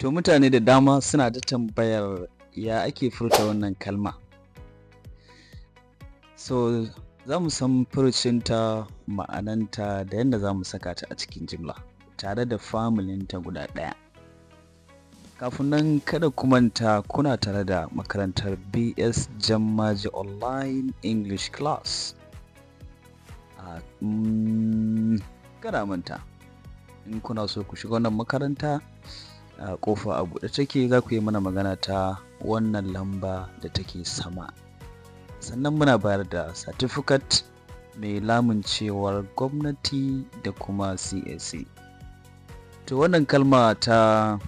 to mutane da dama suna da tambayar ya ake furta wannan kalma so za mu san furcinta ma'ananta da yadda za mu saka ta a cikin jimla tare da familinta guda ɗaya kafin nan kada kumanta kuna tare da makarantar bs jammaji online english class a mm, kada manta in kuna so ku shiga wannan makaranta kofa a buɗe take za ku yi mana magana ta wannan lamba da take sama sannan muna bayar da satifikat mai lamun cewar gwamnati da kuma csc to wannan kalma ta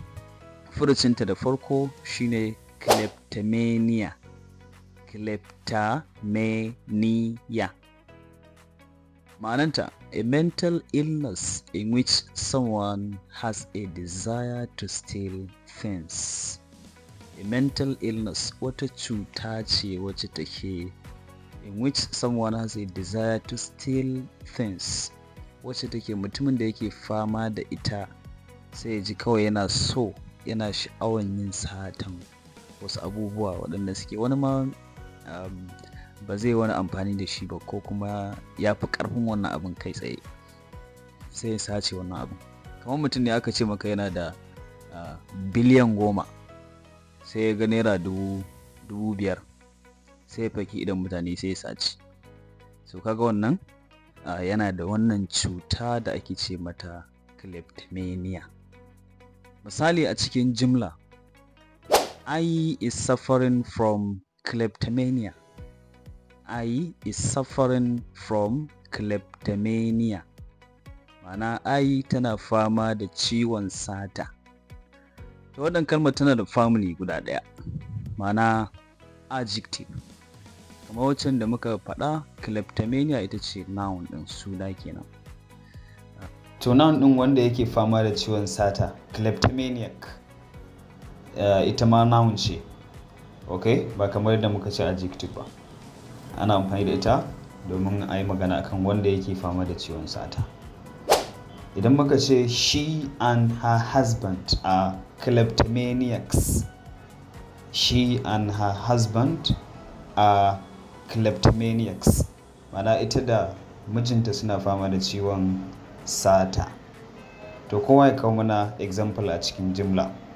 furucinta da farko shine kleptomania kleptomania ma'ananta a mental illness in which someone has a desire to steal things. A mental illness wata cuta ce wacce take in which someone has a desire to steal things wacce take mutumin da yake fama da ita sai ya ji kawai yana so yana sha'awan yin satan wasu abubuwa waɗanda suke wani ma um, ba zai wani amfani da shi ba ko kuma ya fi ƙarfin wannan abin kai tsaye sai ya sace wannan abin kamar mutum ne aka ce maka yana da biliyan goma sai ya ga naira dubu biyar sai ya faki idan mutane sai ya sace so kaga wannan yana da wannan cuta da ake ce mata kleptomania misali a cikin jimla i is suffering from kleptomania I is suffering from kleptomania. Ma'ana I tana fama da ciwon sata. Ta wannan kalmar tana da family guda ɗaya. Ma'ana adjective. Kamar wancan da muka faɗa, kleptomania ita ce noun ɗin suna kenan. To noun ɗin wanda yake fama da ciwon sata, kleptomaniac. Uh, ita ma noun ce. Okay? Ba kamar da muka ce adjective ba. ana amfani da ita domin a yi magana akan wanda yake fama da ciwon sata idan muka ce she and her husband are kleptomaniacs she and her husband are kleptomaniacs mana ita da mijinta suna fama da ciwon sata to kowa ya kawo mana example a cikin jimla